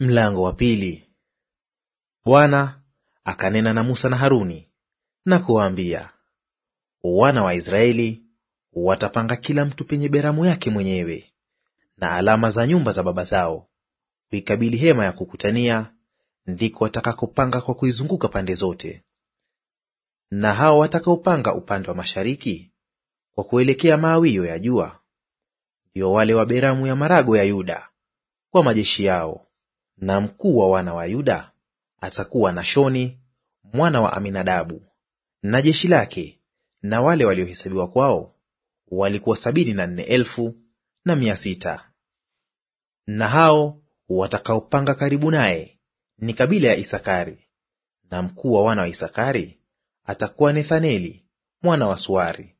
Mlango wa pili. Bwana akanena na Musa na Haruni na kuwaambia, wana wa Israeli watapanga kila mtu penye beramu yake mwenyewe na alama za nyumba za baba zao, kuikabili hema ya kukutania, ndiko watakakopanga kwa kuizunguka pande zote. Na hao watakaopanga upande wa mashariki kwa kuelekea maawio ya jua, ndio wale wa beramu ya marago ya Yuda kwa majeshi yao na mkuu wa wana wa Yuda atakuwa Nashoni mwana wa Aminadabu, na jeshi lake na wale waliohesabiwa kwao walikuwa sabini na nne elfu na mia sita. Na hao watakaopanga karibu naye ni kabila ya Isakari, na mkuu wa wana wa Isakari atakuwa Nethaneli mwana wa Suari,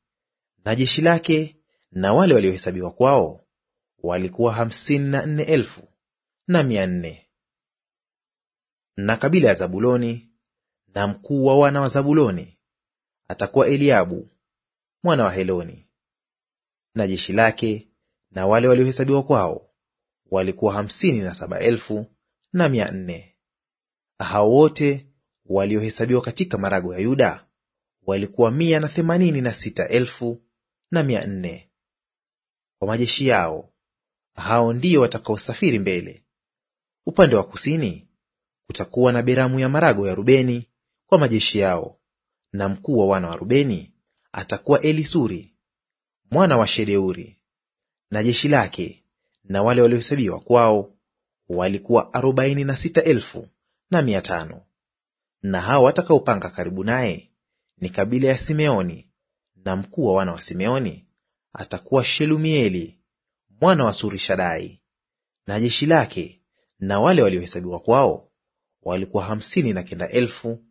na jeshi lake na wale waliohesabiwa kwao walikuwa hamsini na nne elfu na mia nne na kabila ya Zabuloni, na mkuu wa wana wa Zabuloni atakuwa Eliabu mwana wa Heloni. Na jeshi lake na wale waliohesabiwa kwao walikuwa hamsini na saba elfu na mia nne. Hao wote waliohesabiwa katika marago ya Yuda walikuwa mia na themanini na sita elfu na mia nne kwa majeshi yao. Hao ndio watakaosafiri mbele. Upande wa kusini Kutakuwa na beramu ya marago ya Rubeni kwa majeshi yao, na mkuu wa wana wa Rubeni atakuwa Elisuri mwana wa Shedeuri, na jeshi lake na wale waliohesabiwa kwao walikuwa arobaini na sita elfu na mia tano. Na hao watakaopanga karibu naye ni kabila ya Simeoni, na mkuu wa wana wa Simeoni atakuwa Shelumieli mwana wa Surishadai, na jeshi lake na wale waliohesabiwa kwao walikuwa hamsini na kenda elfu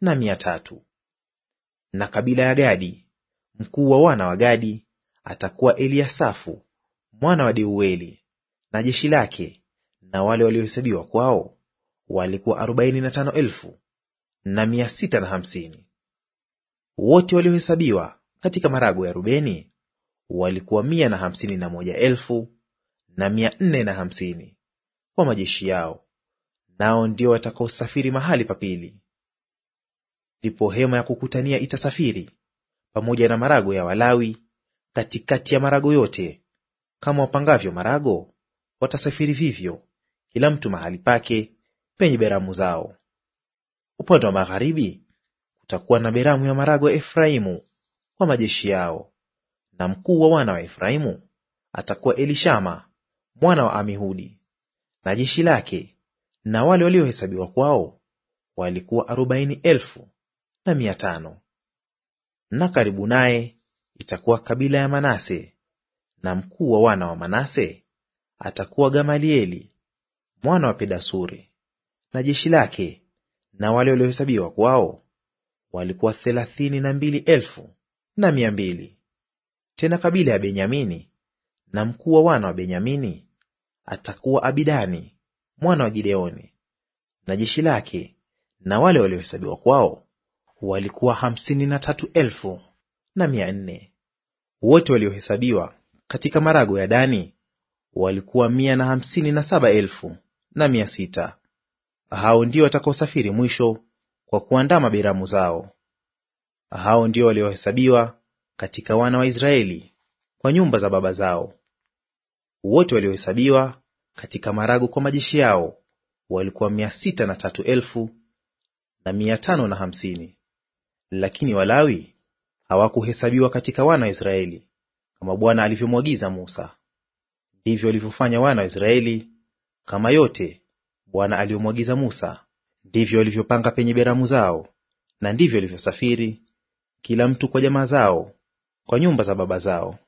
na mia tatu. Na kabila ya Gadi, mkuu wa wana wa Gadi atakuwa Eliasafu mwana wa Deueli, na jeshi lake na wale waliohesabiwa kwao walikuwa arobaini na tano elfu na mia sita na hamsini. Wote waliohesabiwa katika marago ya Rubeni walikuwa mia na hamsini na moja elfu na mia nne na hamsini kwa majeshi yao nao ndio watakaosafiri mahali pa pili. Ndipo hema ya kukutania itasafiri pamoja na marago ya Walawi katikati ya marago yote, kama wapangavyo marago watasafiri vivyo, kila mtu mahali pake penye beramu zao. Upande wa magharibi kutakuwa na beramu ya marago ya Efraimu kwa majeshi yao, na mkuu wa wana wa Efraimu atakuwa Elishama mwana wa Amihudi, na jeshi lake na wale waliohesabiwa kwao walikuwa arobaini elfu na mia tano. Na karibu naye itakuwa kabila ya Manase, na mkuu wa wana wa Manase atakuwa Gamalieli mwana wa Pedasuri, na jeshi lake na wale waliohesabiwa kwao walikuwa thelathini na mbili elfu na mia mbili. Tena kabila ya Benyamini, na mkuu wa wana wa Benyamini atakuwa Abidani mwana wa Gideoni, na jeshi lake na wale waliohesabiwa kwao walikuwa hamsini na tatu elfu na mia nne. Wote waliohesabiwa katika marago ya Dani walikuwa mia na hamsini na saba elfu na mia sita. Hao ndio watakaosafiri mwisho kwa kuandama beramu zao. Hao ndio waliohesabiwa katika wana wa Israeli kwa nyumba za baba zao. Wote waliohesabiwa katika marago kwa majeshi yao walikuwa mia sita na tatu elfu na mia tano na hamsini. Lakini Walawi hawakuhesabiwa katika wana wa Israeli kama Bwana alivyomwagiza Musa. Ndivyo walivyofanya wana wa Israeli kama yote Bwana aliyomwagiza Musa, ndivyo walivyopanga penye beramu zao, na ndivyo walivyosafiri kila mtu kwa jamaa zao, kwa nyumba za baba zao.